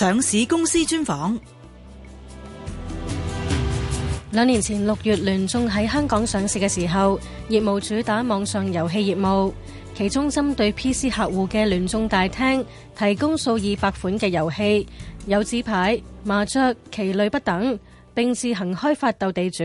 上市公司專訪。兩年前六月聯眾喺香港上市嘅時候，業務主打網上遊戲業務，其中針對 PC 客戶嘅聯眾大廳提供數以百款嘅遊戲，有紙牌、麻雀、棋類不等，並自行開發鬥地主、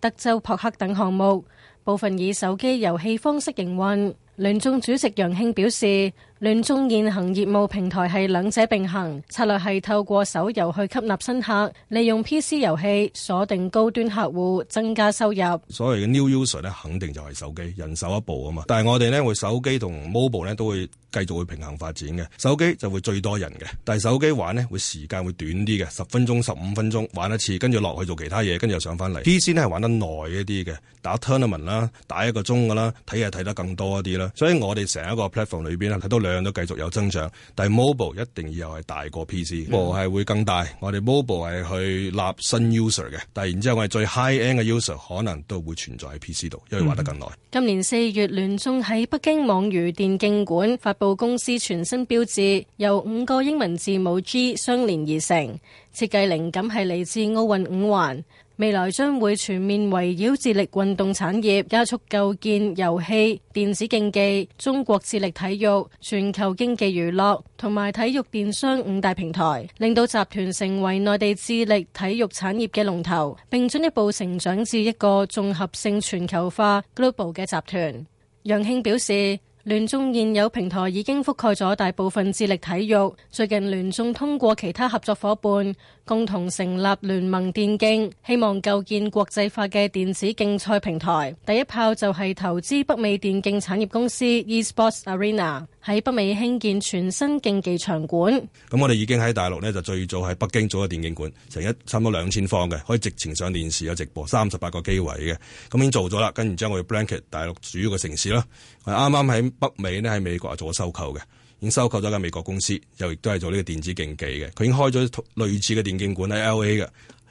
德州撲克等項目，部分以手機遊戲方式營運。聯眾主席楊慶表示，聯眾現行業務平台係兩者並行，策略係透過手遊去吸納新客，利用 PC 遊戲鎖定高端客戶，增加收入。所謂嘅 new user 咧，肯定就係手機，人手一部啊嘛。但係我哋咧會手機同 mobile 咧都會繼續會平衡發展嘅，手機就會最多人嘅，但係手機玩咧會時間會短啲嘅，十分鐘、十五分鐘玩一次，跟住落去做其他嘢，跟住又上返嚟。PC 咧係玩得耐一啲嘅，打 tournament 啦，打一個鐘㗎啦，睇嘢睇得更多一啲啦。所以我哋成一個 platform 裏邊咧，睇到兩樣都繼續有增長，但係 mobile 一定以後係大過 PC，mobile 係會更大。我哋 mobile 係去立新 user 嘅，但係然之後我哋最 high end 嘅 user 可能都會存在喺 PC 度，因為玩得更耐。嗯、今年四月，聯眾喺北京網魚電競館發布公司全新標誌，由五個英文字母 G 相連而成。設計靈感係嚟自奧運五環，未來將會全面圍繞智力運動產業，加速構建遊戲、電子競技、中國智力體育、全球經濟娛樂同埋體育電商五大平台，令到集團成為內地智力體育產業嘅龍頭，並進一步成長至一個綜合性全球化 global 嘅集團。楊慶表示。聯眾現有平台已經覆蓋咗大部分智力體育，最近聯眾通過其他合作伙伴共同成立聯盟電競，希望構建國際化嘅電子競賽平台。第一炮就係投資北美電競產業公司 eSports Arena。喺北美興建全新競技場館。咁我哋已經喺大陸咧就最早喺北京做咗電競館，成一差唔多兩千方嘅，可以直情上電視有直播，三十八個機位嘅。咁已經做咗啦。跟住之後我哋 blanket 大陸主要嘅城市啦。我啱啱喺北美呢，喺美國做咗收購嘅，已經收購咗間美國公司，又亦都係做呢個電子競技嘅。佢已經開咗類似嘅電競館喺 LA 嘅。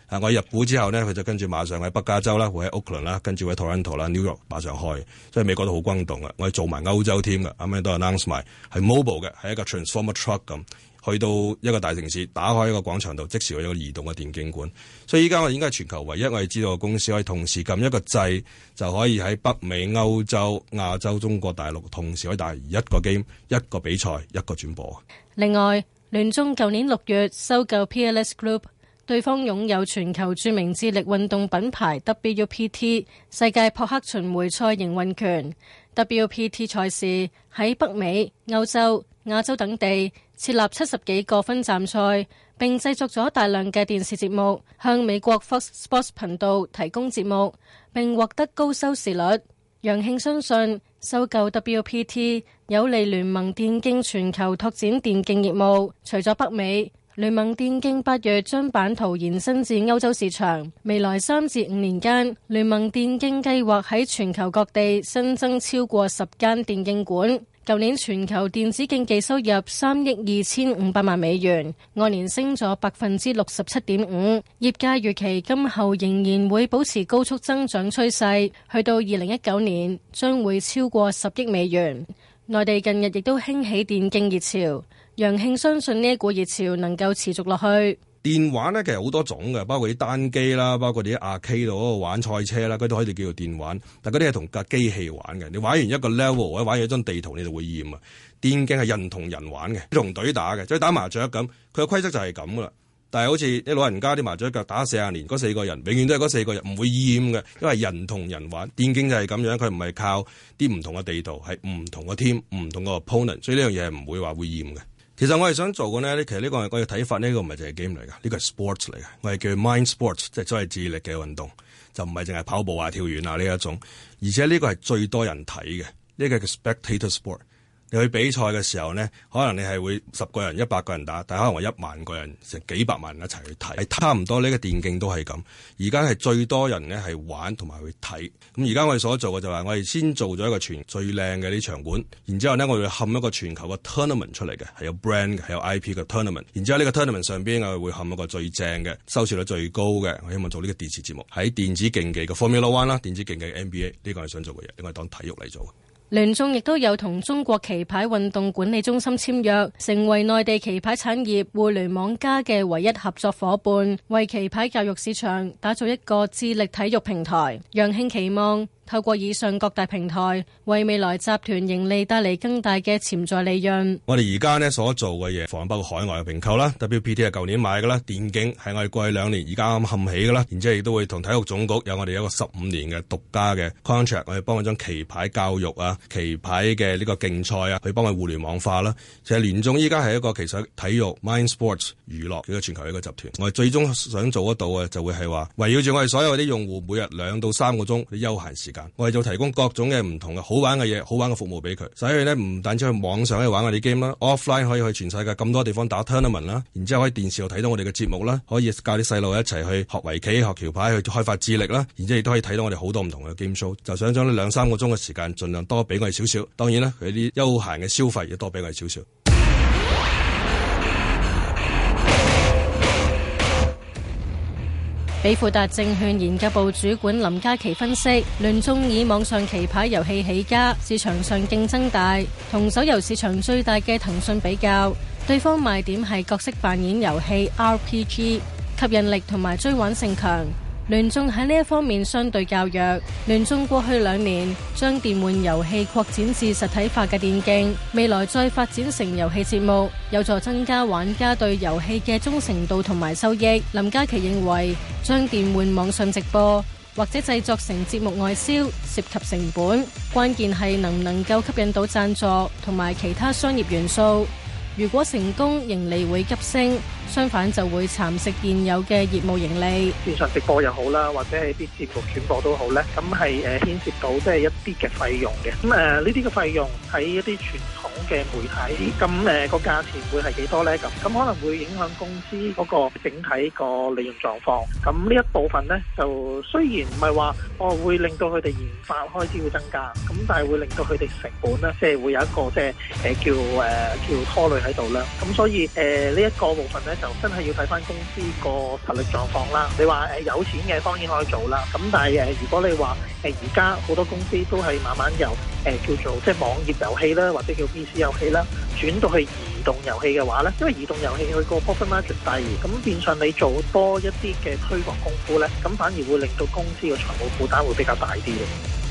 啊！我入股之後呢，佢就跟住馬上喺北加州啦，會喺奧克蘭啦，跟住喺 Toronto 啦、New York 馬上開，所以美國都好轟動嘅。我哋做埋歐洲添嘅，啱啱都 announce 埋，係 mobile 嘅，係一個 transformer truck 咁，去到一個大城市，打開一個廣場度，即時有一個移動嘅電競館。所以依家我哋應該係全球唯一我哋知道嘅公司，可以同時撳一個掣，就可以喺北美、歐洲、亞洲、中國大陸同時可以打一個 game、一個比賽、一個轉播。另外，聯眾舊年六月收購 PLS Group。對方擁有全球著名智力運動品牌 WPT 世界撲克巡迴賽營運權，WPT 賽事喺北美、歐洲、亞洲等地設立七十幾個分站賽，並製作咗大量嘅電視節目，向美國 Fox Sports 頻道提供節目，並獲得高收視率。楊慶相信收購 WPT 有利聯眾電競全球拓展電競業務，除咗北美。聯盟電競八月將版圖延伸至歐洲市場，未來三至五年間，聯盟電競計劃喺全球各地新增超過十間電競館。舊年全球電子競技收入三億二千五百萬美元，按年升咗百分之六十七點五。業界預期今後仍然會保持高速增長趨勢，去到二零一九年將會超過十億美元。內地近日亦都興起電競熱潮。楊慶相信呢一股熱潮能夠持續落去。電玩咧，其實好多種嘅，包括啲單機啦，包括啲阿 K 度嗰度玩賽車啦，佢都可以叫做電玩。但嗰啲係同架機器玩嘅，你玩完一個 level 或者玩完一張地圖，你就會厭啊。電競係人同人玩嘅，同隊打嘅，即係打麻雀咁，佢嘅規則就係咁噶啦。但係好似啲老人家啲麻雀腳打四十年，嗰四個人永遠都係嗰四個人，唔會厭嘅，因為人同人玩。電競就係咁樣，佢唔係靠啲唔同嘅地圖，係唔同嘅 team、唔同嘅 opponent，所以呢樣嘢係唔會話會厭嘅。其實我係想做嘅咧，其實呢個係我嘅睇法，呢個唔係淨係 game 嚟噶，呢個係 sports 嚟嘅，我係叫 mind sports，即係即係智力嘅運動，就唔係淨係跑步啊、跳遠啊呢一種，而且呢個係最多人睇嘅，呢個叫 spectator sport。你去比賽嘅時候咧，可能你係會十個人、一百個人打，但係可能我一萬個人、成幾百萬人一齊去睇，係差唔多呢個電競都係咁。而家係最多人咧係玩同埋去睇。咁而家我哋所做嘅就係、是、我哋先做咗一個全最靚嘅呢場館，然之後咧我哋冚一個全球嘅 tournament 出嚟嘅，係有 brand 嘅，係有 IP 嘅 tournament。然之後呢個 tournament 上邊我哋會冚一個最正嘅收視率最高嘅，我希望做呢個電視節目喺電子競技嘅 Formula One 啦，電子競技嘅 NBA 呢個係想做嘅嘢，應該當體育嚟做。聯眾亦都有同中國棋牌運動管理中心簽約，成為內地棋牌產業互聯網加嘅唯一合作夥伴，為棋牌教育市場打造一個智力體育平台。楊慶期望。透過以上各大平台，為未來集團盈利帶嚟更大嘅潛在利潤。我哋而家咧所做嘅嘢，包括海外嘅併購啦，WPT 係舊年買噶啦，電競係我哋過去兩年而家咁冚起噶啦，然之後亦都會同體育總局有我哋一個十五年嘅獨家嘅 contract，我哋幫佢將棋牌教育啊、棋牌嘅呢個競賽啊，去幫佢互聯網化啦。其實聯眾依家係一個其實體育、mind sports、娛樂呢個全球一個集團。我哋最終想做得到嘅，就會係話圍繞住我哋所有啲用戶，每日兩到三個鐘嘅休閒時間。我哋就提供各種嘅唔同嘅好玩嘅嘢，好玩嘅服務俾佢。所以咧唔單止去網上去玩我哋 game 啦，offline 可以去全世界咁多地方打 tournament 啦，然之後可以電視又睇到我哋嘅節目啦，可以教啲細路一齊去學圍棋、學橋牌，去開發智力啦。然之後亦都可以睇到我哋好多唔同嘅 game show。就想將呢兩三個鐘嘅時間盡量多俾我哋少少。當然啦，佢啲休閒嘅消費亦都多俾我哋少少。比富達證券研究部主管林嘉琪分析，聯眾以網上棋牌遊戲起家，市場上競爭大，同手遊市場最大嘅騰訊比較，對方賣點係角色扮演遊戲 RPG，吸引力同埋追玩性強。聯眾喺呢一方面相對較弱。聯眾過去兩年將電玩遊戲擴展至實體化嘅電競，未來再發展成遊戲節目，有助增加玩家對遊戲嘅忠誠度同埋收益。林嘉琪認為，將電玩網上直播或者製作成節目外銷，涉及成本，關鍵係能唔能夠吸引到贊助同埋其他商業元素。如果成功，盈利會急升；相反，就會蠶食現有嘅業務盈利。線上直播又好啦，或者係一啲節目轉播都好咧，咁係誒牽涉到即係一啲嘅費用嘅。咁誒呢啲嘅費用喺一啲傳嘅媒體咁誒個價錢會係幾多咧？咁咁可能會影響公司嗰個整體個利潤狀況。咁呢一部分咧，就雖然唔係話哦會令到佢哋研發開支會增加，咁但係會令到佢哋成本咧，即係會有一個即係誒、呃、叫誒叫、呃、叫拖累喺度啦。咁所以誒呢一個部分咧，就真係要睇翻公司個實力狀況啦。你話誒、呃、有錢嘅當然可以做啦。咁但係誒、呃、如果你話誒而家好多公司都係慢慢由誒、呃、叫做即係網頁遊戲啦，或者叫 B 遊戲啦，轉到去移動遊戲嘅話咧，因為移動遊戲佢個 profit margin 大，咁變相你做多一啲嘅推廣功夫咧，咁反而會令到公司嘅財務負擔會比較大啲嘅。